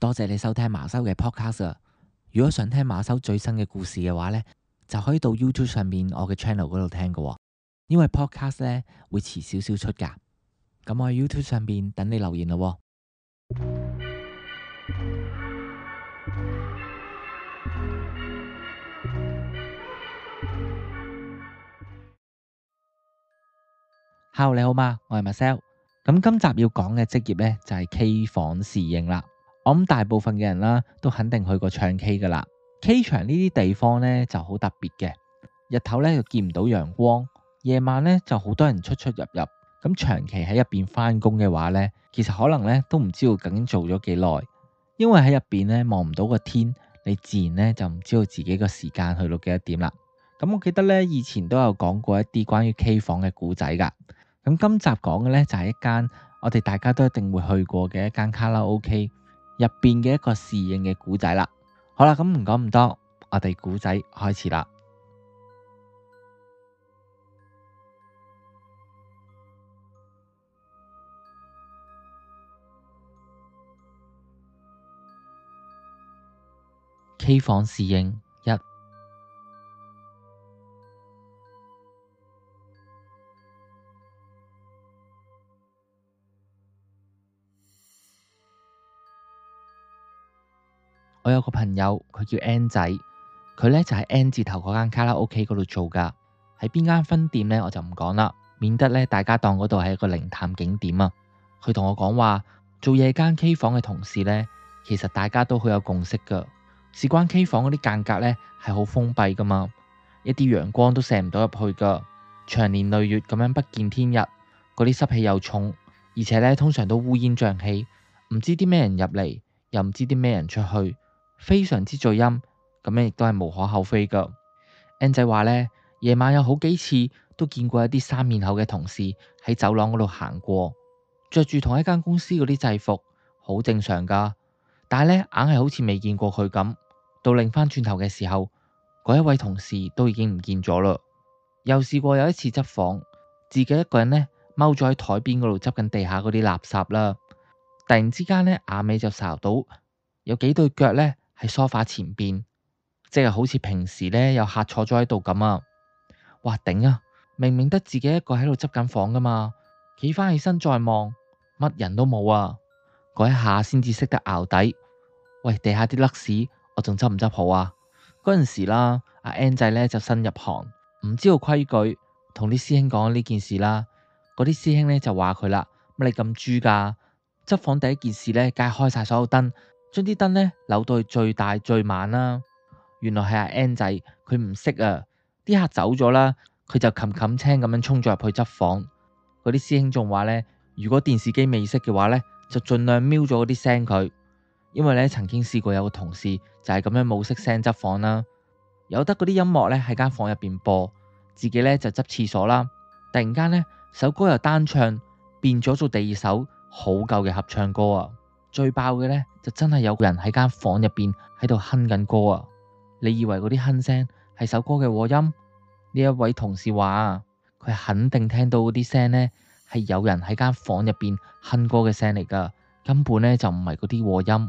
多謝你收聽馬修嘅 podcast。如果想聽馬修最新嘅故事嘅話呢，就可以到 YouTube 上面我嘅 channel 嗰度聽噶。因為 podcast 呢會遲少少出噶。咁我喺 YouTube 上面等你留言咯。Hello，你好嗎？我係 Marcel。咁今集要講嘅職業呢，就係、是、K 房侍應啦。咁大部分嘅人啦、啊，都肯定去過唱 K 噶啦。K 場呢啲地方呢，就好特別嘅，日頭呢，就見唔到陽光，夜晚呢，就好多人出出入入。咁長期喺入邊翻工嘅話呢，其實可能呢都唔知道究竟做咗幾耐，因為喺入邊呢，望唔到個天，你自然呢就唔知道自己個時間去到幾多點啦。咁我記得呢，以前都有講過一啲關於 K 房嘅故仔噶。咁今集講嘅呢，就係、是、一間我哋大家都一定會去過嘅一間卡拉 OK。入邊嘅一個侍應嘅古仔啦，好啦，咁唔講咁多，我哋古仔開始啦。 K 房侍應一。我有個朋友，佢叫 N 仔，佢咧就喺、是、N 字頭嗰間卡拉 OK 嗰度做噶。喺邊間分店呢，我就唔講啦，免得咧大家當嗰度係一個靈探景點啊。佢同我講話做夜間 K 房嘅同事呢，其實大家都好有共識噶。事關 K 房嗰啲間隔呢，係好封閉噶嘛，一啲陽光都射唔到入去噶，長年累月咁樣不見天日，嗰啲濕氣又重，而且呢，通常都烏煙瘴氣，唔知啲咩人入嚟，又唔知啲咩人出去。非常之聚陰，咁樣亦都係無可厚非噶。N 仔話咧，夜晚有好幾次都見過一啲三面口嘅同事喺走廊嗰度行過，着住同一間公司嗰啲制服，好正常噶。但係咧，硬係好似未見過佢咁。到擰翻轉頭嘅時候，嗰一位同事都已經唔見咗啦。又試過有一次執房，自己一個人咧踎咗喺台邊嗰度執緊地下嗰啲垃圾啦。突然之間咧，眼尾就睄到有幾對腳咧。喺梳化前邊，即係好似平時咧有客坐咗喺度咁啊！哇頂啊！明明得自己一個喺度執緊房噶嘛，企翻起身再望，乜人都冇啊！嗰一下先至識得淆底。喂，地下啲甩屎，我仲執唔執好啊？嗰陣時啦，阿 N 仔咧就新入行，唔知道規矩，同啲師兄講呢件事啦。嗰啲師兄咧就話佢啦：，乜你咁豬噶？執房第一件事咧，梗係開晒所有燈。將啲燈咧扭到最大最晚啦、啊！原來係阿 N 仔，佢唔識啊！啲客走咗啦，佢就冚冚聲咁樣衝咗入去執房。嗰啲師兄仲話咧：，如果電視機未熄嘅話咧，就盡量瞄咗嗰啲聲佢，因為咧曾經試過有個同事就係、是、咁樣冇識聲執房啦、啊。由得嗰啲音樂咧喺間房入邊播，自己咧就執廁所啦。突然間咧，首歌又單唱變咗做第二首好舊嘅合唱歌啊！最爆嘅咧，就真係有個人喺間房入邊喺度哼緊歌啊！你以為嗰啲哼聲係首歌嘅和音？呢一位同事話佢肯定聽到嗰啲聲咧係有人喺間房入邊哼歌嘅聲嚟噶，根本咧就唔係嗰啲和音。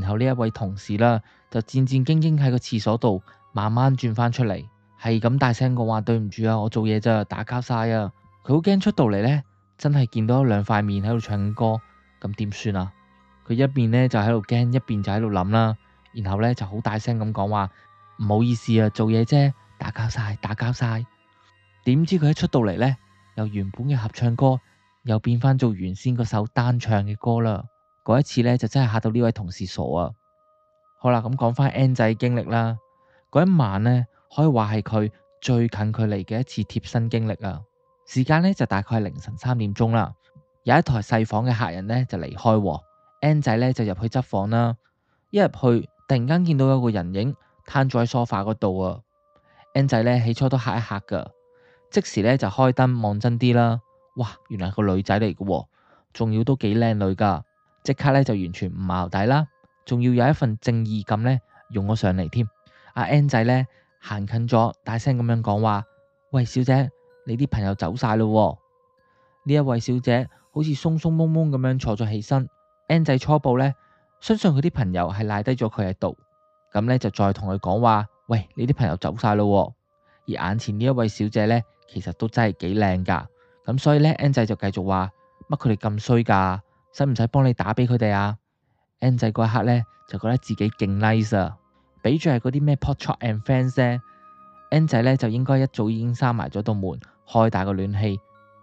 然後呢一位同事啦，就戰戰兢兢喺個廁所度慢慢轉翻出嚟，係咁大聲講話：對唔住啊，我做嘢咋，打攪晒啊！佢好驚出到嚟咧，真係見到兩塊面喺度唱緊歌，咁點算啊？佢一邊咧就喺度驚，一邊就喺度諗啦。然後咧就好大聲咁講話，唔好意思啊，做嘢啫，打攪晒，打攪晒。點知佢一出到嚟咧，由原本嘅合唱歌又變翻做原先嗰首單唱嘅歌啦。嗰一次咧就真係嚇到呢位同事傻啊。好啦，咁講翻 N 仔嘅經歷啦。嗰一晚咧，可以話係佢最近距離嘅一次貼身經歷啊。時間咧就大概係凌晨三點鐘啦。有一台細房嘅客人咧就離開。N 仔咧就入去執房啦，一入去突然間見到有個人影攤咗喺梳化嗰度啊。N 仔咧起初都嚇一嚇噶，即時咧就開燈望真啲啦。哇，原來係個女仔嚟噶喎，仲要都幾靚女噶，即刻咧就完全唔矛底啦，仲要有一份正義感咧，湧咗上嚟添。阿 N 仔咧行近咗，大聲咁樣講話：，喂，小姐，你啲朋友走晒啦喎？呢一位小姐好似鬆鬆懵懵咁樣坐咗起身。N 仔初步咧，相信佢啲朋友係賴低咗佢喺度。咁咧就再同佢講話：，喂，你啲朋友走晒咯，啊，而眼前呢一位小姐咧，其實都真係幾靚噶，咁所以咧，N 仔就繼續話：，乜佢哋咁衰噶，使唔使幫你打俾佢哋啊？N 仔嗰一刻咧，就覺得自己勁 nice 啊，比住係嗰啲咩 potchot and fans 咧，N 仔咧就應該一早已經閂埋咗道門，開大個暖氣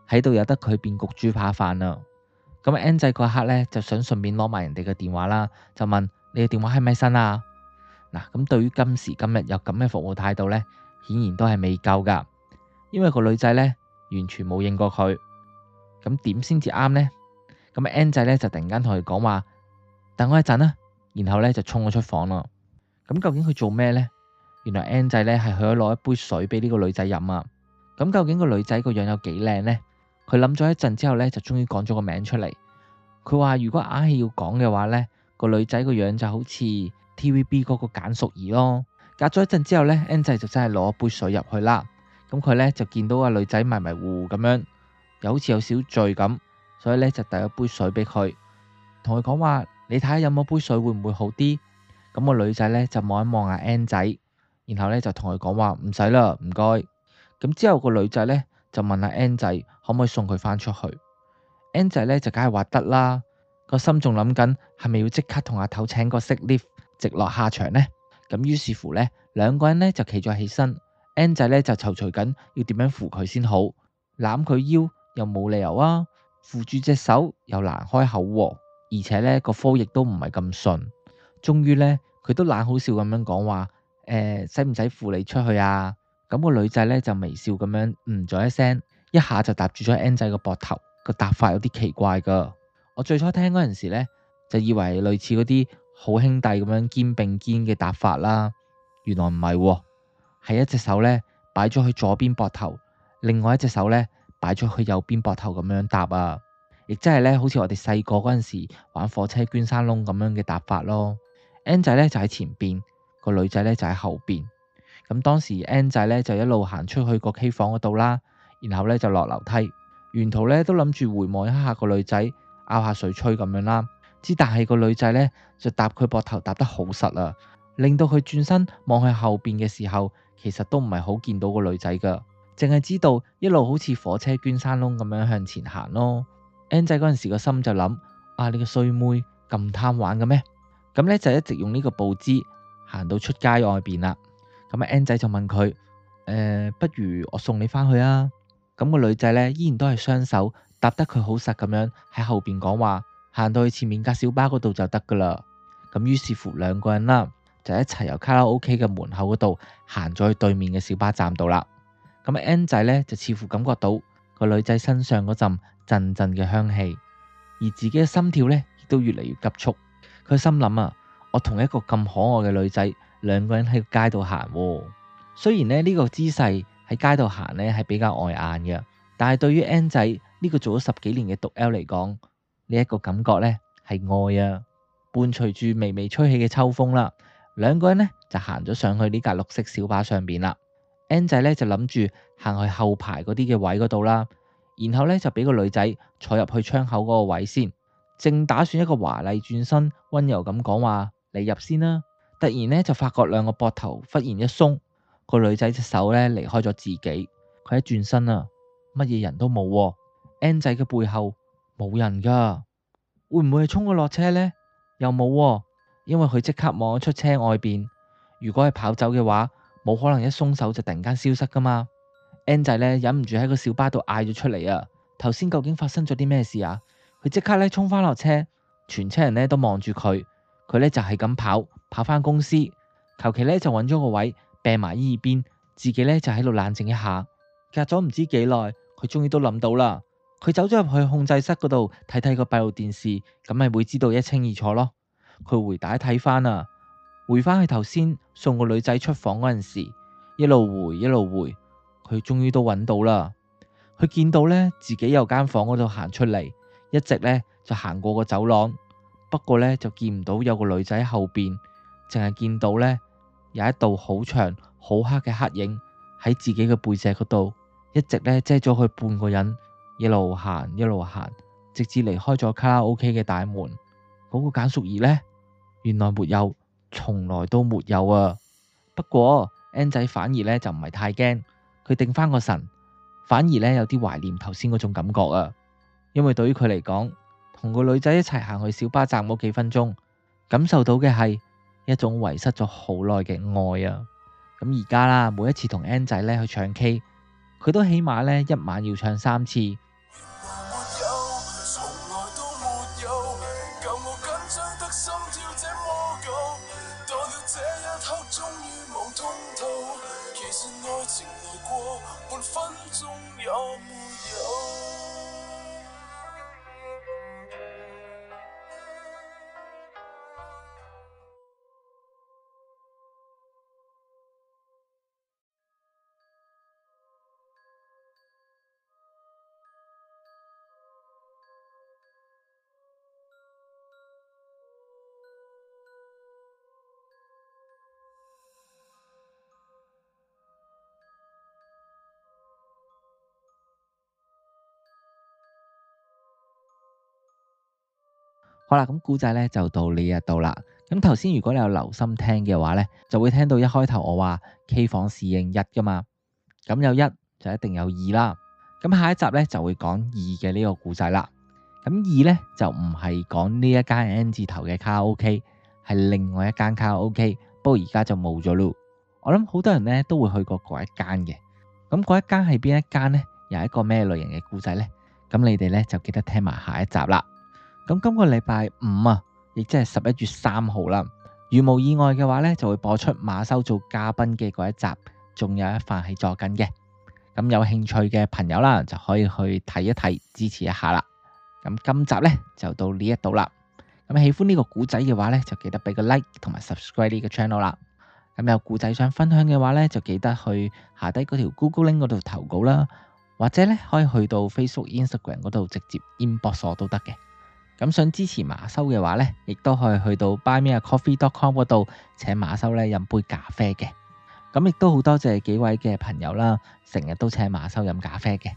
喺度，由得佢變焗豬扒飯啊！咁 N 仔嗰刻咧，就想順便攞埋人哋嘅電話啦，就問你嘅電話係咪新啊？嗱，咁對於今時今日有咁嘅服務態度咧，顯然都係未夠噶，因為個女仔咧完全冇應過佢。咁點先至啱咧？咁 N 仔咧就突然間同佢講話，等我一陣啦，然後咧就衝我出房咯。咁究竟佢做咩咧？原來 N 仔咧係去咗攞一杯水俾呢個女仔飲啊。咁究竟個女仔個樣有幾靚咧？佢諗咗一陣之後呢，就終於講咗個名出嚟。佢話：如果硬係要講嘅話呢，個女仔個樣就好似 TVB 嗰個簡淑兒咯。隔咗一陣之後呢，N 仔就真係攞一杯水入去啦。咁佢呢，就見到個女仔迷迷糊糊咁樣，又好似有少醉咁，所以呢，就遞咗杯水俾佢，同佢講話：你睇下飲咗杯水會唔會好啲？咁個女仔呢，就望一望下 N 仔，然後呢，就同佢講話：唔使啦，唔該。咁之後個女仔呢，就問阿 N 仔可唔可以送佢返出去？N 仔咧就梗係話得啦，個心仲諗緊係咪要即刻同阿頭請個 sick leave 直落下，下場呢？咁於是乎呢，兩個人呢就企咗起身，N 仔咧就躊躇緊要點樣扶佢先好，攬佢腰又冇理由啊，扶住隻手又難開口，啊，而且呢個科亦都唔係咁順。終於呢，佢都懶好笑咁樣講話：誒，使唔使扶你出去啊？咁個女仔咧就微笑咁樣嗯咗一聲，一下就搭住咗 N 仔個膊頭，個搭法有啲奇怪噶。我最初聽嗰陣時咧，就以為類似嗰啲好兄弟咁樣肩並肩嘅搭法啦。原來唔係喎，係一隻手咧擺咗去左邊膊頭，另外一隻手咧擺咗去右邊膊頭咁樣搭啊。亦真係咧，好似我哋細個嗰陣時玩火車捐山窿咁樣嘅搭法咯。N 仔咧就喺前邊，個女仔咧就喺後邊。咁當時 N 仔咧就一路行出去個 K 房嗰度啦，然後咧就落樓梯，沿途咧都諗住回望一下個女仔，拗下水吹咁樣啦。之但係個女仔咧就搭佢膊頭搭得好實啊，令到佢轉身望向後邊嘅時候，其實都唔係好見到個女仔㗎，淨係知道一路好似火車捐山窿咁樣向前行咯。N 仔嗰陣時個心就諗：啊，你個衰妹咁貪玩嘅咩？咁咧就一直用呢個步姿行到出街外邊啦。咁阿 N 仔就問佢：誒、呃，不如我送你翻去啊？咁個女仔咧，依然都係雙手搭得佢好實咁樣喺後邊講話，行到去前面架小巴嗰度就得噶啦。咁於是乎兩個人啦，就一齊由卡拉 OK 嘅門口嗰度行咗去對面嘅小巴站度啦。咁阿 N 仔咧就似乎感覺到個女仔身上嗰陣陣陣嘅香氣，而自己嘅心跳咧亦都越嚟越急促。佢心諗啊，我同一個咁可愛嘅女仔。兩個人喺街度行、哦，雖然咧呢、這個姿勢喺街度行咧係比較礙眼嘅，但係對於 N 仔呢、這個做咗十幾年嘅毒 L 嚟講，呢、這、一個感覺咧係愛啊。伴隨住微微吹起嘅秋風啦，兩個人咧就行咗上去呢架綠色小巴上邊啦。N 仔咧就諗住行去後排嗰啲嘅位嗰度啦，然後咧就俾個女仔坐入去窗口嗰個位先，正打算一個華麗轉身，溫柔咁講話：你入先啦。突然咧就發覺兩個膊頭忽然一鬆，個女仔隻手咧離開咗自己。佢一轉身啊，乜嘢人都冇喎。N 仔嘅背後冇人噶，會唔會係衝咗落車呢？又冇喎，因為佢即刻望咗出車外邊。如果係跑走嘅話，冇可能一鬆手就突然間消失噶嘛。N 仔咧忍唔住喺個小巴度嗌咗出嚟啊！頭先究竟發生咗啲咩事啊？佢即刻咧衝翻落車，全車人咧都望住佢。佢咧就係咁跑，跑翻公司，求其咧就揾咗個位，匿埋一邊，自己咧就喺度冷靜一下。隔咗唔知幾耐，佢終於都諗到啦。佢走咗入去控制室嗰度，睇睇個閉路電視，咁咪會知道一清二楚咯。佢回帶睇翻啊，回翻去頭先送個女仔出房嗰陣時，一路回一路回，佢終於都揾到啦。佢見到咧自己由間房嗰度行出嚟，一直咧就行過個走廊。不過呢，就見唔到有個女仔後邊，淨係見到呢，有一道好長、好黑嘅黑影喺自己嘅背脊嗰度，一直呢遮咗佢半個人，一路行一路行，直至離開咗卡拉 OK 嘅大門。嗰、那個簡淑兒呢，原來沒有，從來都沒有啊。不過 N 仔反而呢就唔係太驚，佢定翻個神，反而呢有啲懷念頭先嗰種感覺啊，因為對於佢嚟講。同個女仔一齊行去小巴站嗰幾分鐘，感受到嘅係一種遺失咗好耐嘅愛啊！咁而家啦，每一次同 N 仔呢去唱 K，佢都起碼呢一晚要唱三次。好啦，咁故仔咧就到呢一度啦。咁頭先如果你有留心聽嘅話咧，就會聽到一開頭我話 K 房侍應一噶嘛。咁有一就一定有二啦。咁下一集咧就會講二嘅呢個故仔啦。咁二咧就唔係講呢一間 N 字頭嘅卡拉 OK，係另外一間卡拉 OK。不過而家就冇咗咯。我諗好多人咧都會去過嗰一間嘅。咁嗰一間係邊一間咧？又係一個咩類型嘅故仔咧？咁你哋咧就記得聽埋下一集啦。咁今個禮拜五啊，亦即係十一月三號啦。如無意外嘅話呢，就會播出馬修做嘉賓嘅嗰一集。仲有一份係做緊嘅，咁有興趣嘅朋友啦，就可以去睇一睇，支持一下啦。咁今集呢，就到呢一度啦。咁喜歡呢個古仔嘅話呢，就記得俾個 like 同埋 subscribe 呢個 channel 啦。咁有古仔想分享嘅話呢，就記得去下低嗰條 Google Link 嗰度投稿啦，或者呢，可以去到 Facebook、Instagram 嗰度直接 inbox 我都得嘅。咁想支持馬修嘅話呢，亦都可以去到 buymeacoffee.com 嗰度請馬修咧飲杯咖啡嘅。咁亦都好多謝幾位嘅朋友啦，成日都請馬修飲咖啡嘅。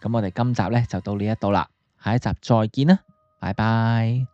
咁我哋今集呢就到呢一度啦，下一集再見啦，拜拜。